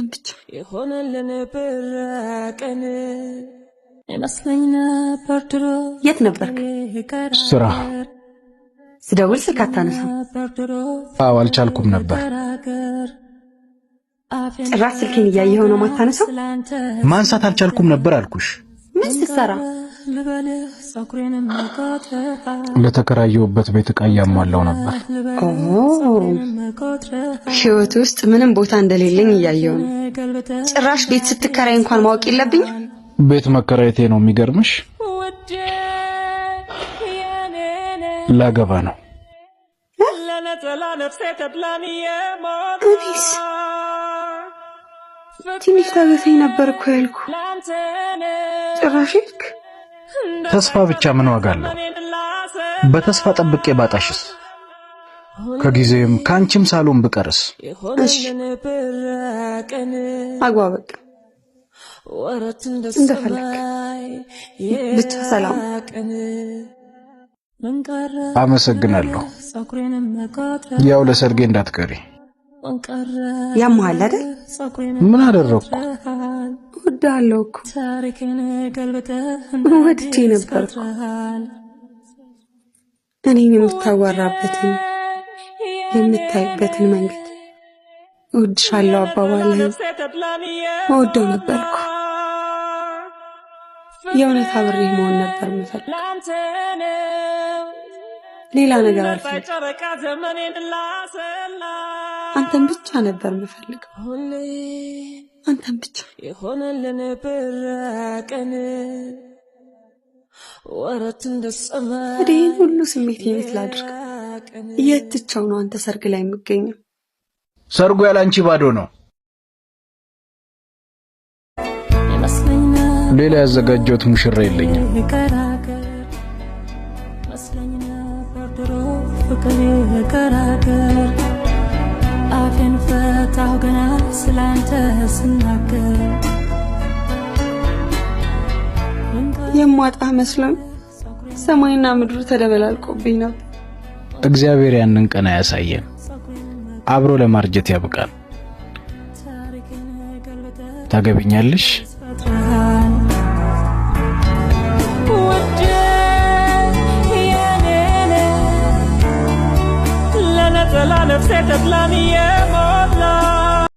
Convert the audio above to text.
ቀን ብቻ የሆነልን ብራ ቀን ይመስለኝ ነበር ድሮ። የት ነበርክ? ስራ ስደውል ስልክ አታነሳም። አዎ አልቻልኩም ነበር። ጭራሽ ስልኬን እያየኸው ነው ማታነሳው? ማንሳት አልቻልኩም ነበር አልኩሽ። ምን ስትሰራ ለተከራየውበት ቤት ዕቃ እያሟላው ነበር። ሕይወት ውስጥ ምንም ቦታ እንደሌለኝ እያየው ነው። ጭራሽ ቤት ስትከራይ እንኳን ማወቅ የለብኝ ቤት መከራየቴ ነው የሚገርምሽ። ላገባ ነው። ትንሽ ታገሰኝ ነበር እኮ ያልኩ ጭራሽ ልክ ተስፋ ብቻ ምን ዋጋ አለው? በተስፋ ጠብቄ ባጣሽስ? ከጊዜም ከአንቺም ሳሎን ብቀርስ? እሺ አግባ፣ በቃ አመሰግናለሁ። ያው ለሰርጌ እንዳትቀሪ። ያምሃል አይደል? ምን አደረግኩ? እወድሃለሁ እኮ ወድጄ ነበርኩ እኔን የምታዋራበትን የምታይበትን መንገድ እወድሻለሁ አባባልህን እወደው ነበርኩ። የእውነት አብሬ መሆን ነበር የምፈልግ ሌላ ነገር አንተን ብቻ ነበር የምፈልገው፣ አንተን ብቻ። የሆነልን ብራቀን ወረት እንደሰማ ይህን ሁሉ ስሜት የት ላድርግ? የት ነው አንተ ሰርግ ላይ የምገኘው? ሰርጉ ያላንቺ ባዶ ነው። ሌላ ያዘጋጀሁት ሙሽራ የለኝም። ፍቅር የቀራገር አፌን ፈታሁ ገና ስላንተ ስናገር የማጣ መስሎኝ ሰማይና ምድሩ ተደበላልቆብኝ ነው። እግዚአብሔር ያንን ቀን አያሳየን፣ አብሮ ለማርጀት ያብቃል። ታገቢኛለሽ? i Tetelan, Tetelan, Yemotlan.